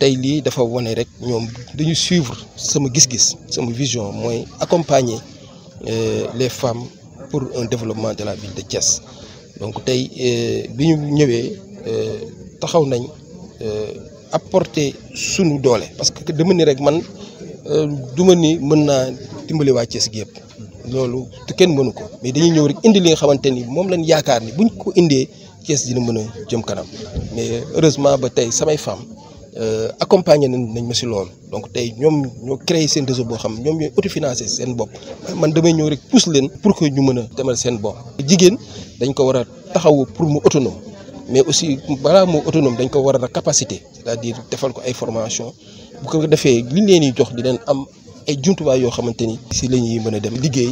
tey lii dafa wane rek ñoom dañu suivre sama gis-gis sama vision mooy accompagner euh, les femmes pour un développement de la ville de Thiès donc tey euh, bi ñu ñëwee euh, taxaw nañ apporter sunu doole parce que dama ni rek man duma ni mën naa dimbali waa Thiès loolu kenn mënu ko mais dañuy ñëw rek indi li nga xamante ni moom lañ yaakaar ni buñ koo indee kees dina mën a jëm kanam mais heureusement ba tey samay femmes euh, accompagné nañ nañ ma si loolu donc tey ñoom ñoo créé seen réseau boo xam ñoom auto autofinancé seen bopp man damay ñëw rek pousse leen pour que ñu mën a demal seen bopp. jigéen dañ ko war a taxawu pour mu autonome mais aussi balaa moo autonome dañ ko war a capacité c'est-à-dire defal ko ay formation bu leen di jox di leen am. ay jumtuwaay yoo xamante ni si la ñuy mën a dem liggéey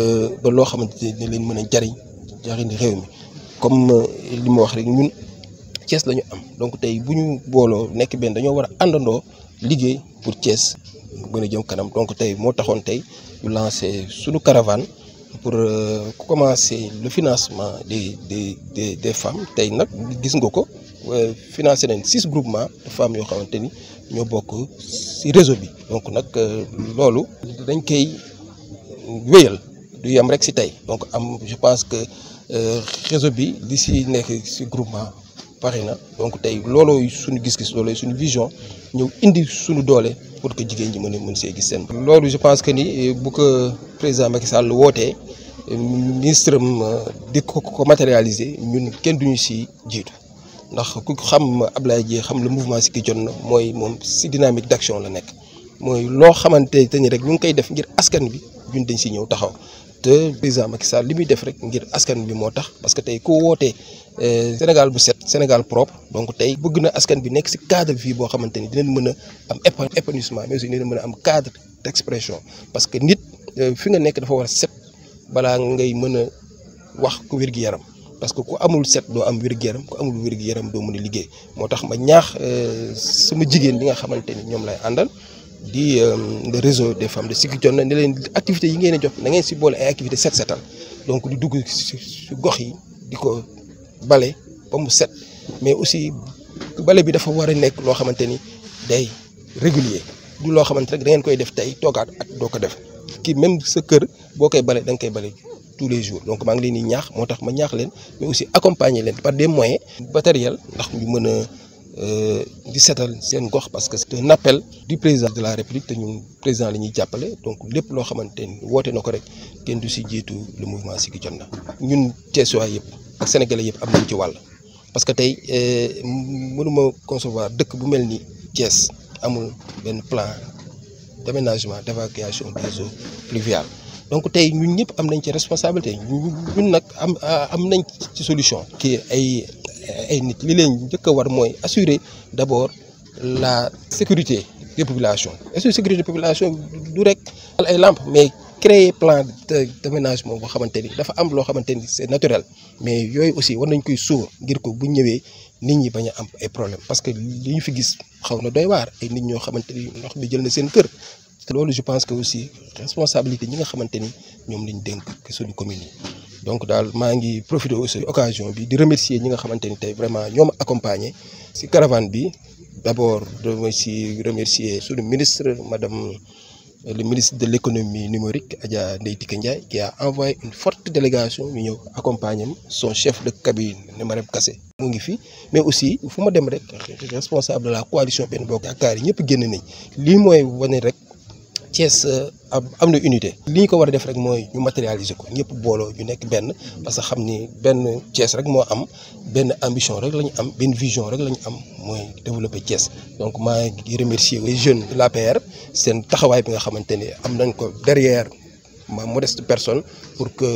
euh, ba loo xamante ni dina leen mën a jariñ jariñ réew mi comme euh, li ma wax rek ñun Thiès la ñu am donc tey bu ñu booloo nekk benn dañoo war a àndandoo liggéey pour Thiès gën a jëm kanam donc tey moo taxoon tey ñu lancé suñu caravane pour euh, commencer le financement des des des des femmes tey nag gis nga ko. Euh, financé nañ six groupements de femmes yoo xamante ni ñoo bokk ci réseau bi donc nag euh, loolu dañ koy wéyal du yem rek ci tey donc am je pense que euh, réseau bi li ci nekk ci groupement pare na donc tey loolooy suñu gis-gis loolooy suñu vision ñëw indi suñu doole pour que jigéen ñi mën a mën see gis seen loolu je pense que ni bu ko président Macky Sall wootee ministre am di ko ko matérialiser ñun kenn duñu ci jiitu ndax ku xam Ablaye Dieng xam le mouvement Siggi Jotna mooy moom si dynamique d'action la nekk mooy loo xamante te ni rek lu ngi koy def ngir askan bi ñun dañ si ñëw taxaw te président Macky Sall li muy def rek ngir askan bi moo tax parce que tey ku wootee euh, Sénégal bu set Sénégal propre donc tey bëgg na askan bi nekk si cadre vie boo xamante ni dinañ mën a am épanouissement mais aussi dinañ mën a am cadre d'expression parce que nit euh, fi nga nekk dafa war a set balaa ngay mën a wax ku wér yaram parce que ku amul set do am wir gu ku amul wir geram do doo mën a liggéey moo ma ñaax euh, sama jigen li nga xamanteni ñom lay andal di euh, le réseau des femmes de sécurité Jotna ne leen activité yi ngeen jox na ngeen si bolé ay activité set setal donc di dugg si gox yi di ko bale ba mu set mais aussi balé bi dafa wara nek lo xamanteni day régulier du lo xamanteni rek da ngeen koy def tay toogaat ak doko def ki même sa kër bokay balé bale da koy bale tous les jours donc je vous leen ñaax moo mais aussi accompagner les par des moyens matériels ndax ñu mën a euh, di parce que c'est un appel du président de la république du ñun président la ñuy donc lépp loo xamante ni woote na ko rek kenn du si le mouvement Siggi Jotna ñun Thiessois tous ak sénégalais yëpp am nañ ci parce que tey euh, mënuma concevoir dëkk bu mel ni Thiès amul plan d'aménagement d'évacuation des eaux pluviales donc tay ñun ñëpp am nañ ci responsabilité ñun nak am euh, am nañ ci solution. ki ay ay nit li leen jëk war moy assurer d'abord la sécurité des populations assurer sécurité des populations du rek. ay lampes mais créer plan de boo xamante xamanteni dafa am lo xamanteni c'est naturel mais yoy aussi war nañ koy sóor ngir ko bu ñëwé nit ñi baña am ay problèmes parce que li ñu fi gis xawna doy war ay nit ñoo xamanteni ndox bi jël na seen kër te je pense que aussi responsabilité ñi nga nous ni ñoom dénk suñu commune donc daal maa ngi profité aussi occasion de remercier ñi nga xamante ni vraiment ñoom accompagner si caravane bi d' abord remercier remercier le ministre madame euh, le ministre de l'économie numérique Adja Ndeye qui a envoyé une forte délégation pour ñëw accompagner son chef de cabinet Marème Kassé mu ngi fi mais aussi fu ma dem rek responsable de la coalition Benno Bokk Yaakaar yi ñëpp génn nañ lii mooy rek. Thiès euh, am na unité. li ñu ko war a def rek mooy ñu matérialiser ko ñëpp booloo ñu nekk benn parce que xam ni benn Thiès rek moo am benn ambition rek lañu am benn vision rek lañu am mooy développer Thiès. donc maa ngi remercier les jeunes de l'APR seen taxawaay bi nga xamante ne am nañ ko derrière. ma modeste personne pour que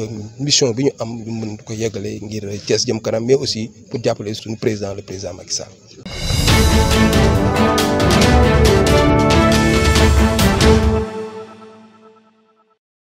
mission bi ñu am ñu mën ko yeggale ngir Thiès jëm kanam mais aussi pour jàppale suñu président le président Macky Sall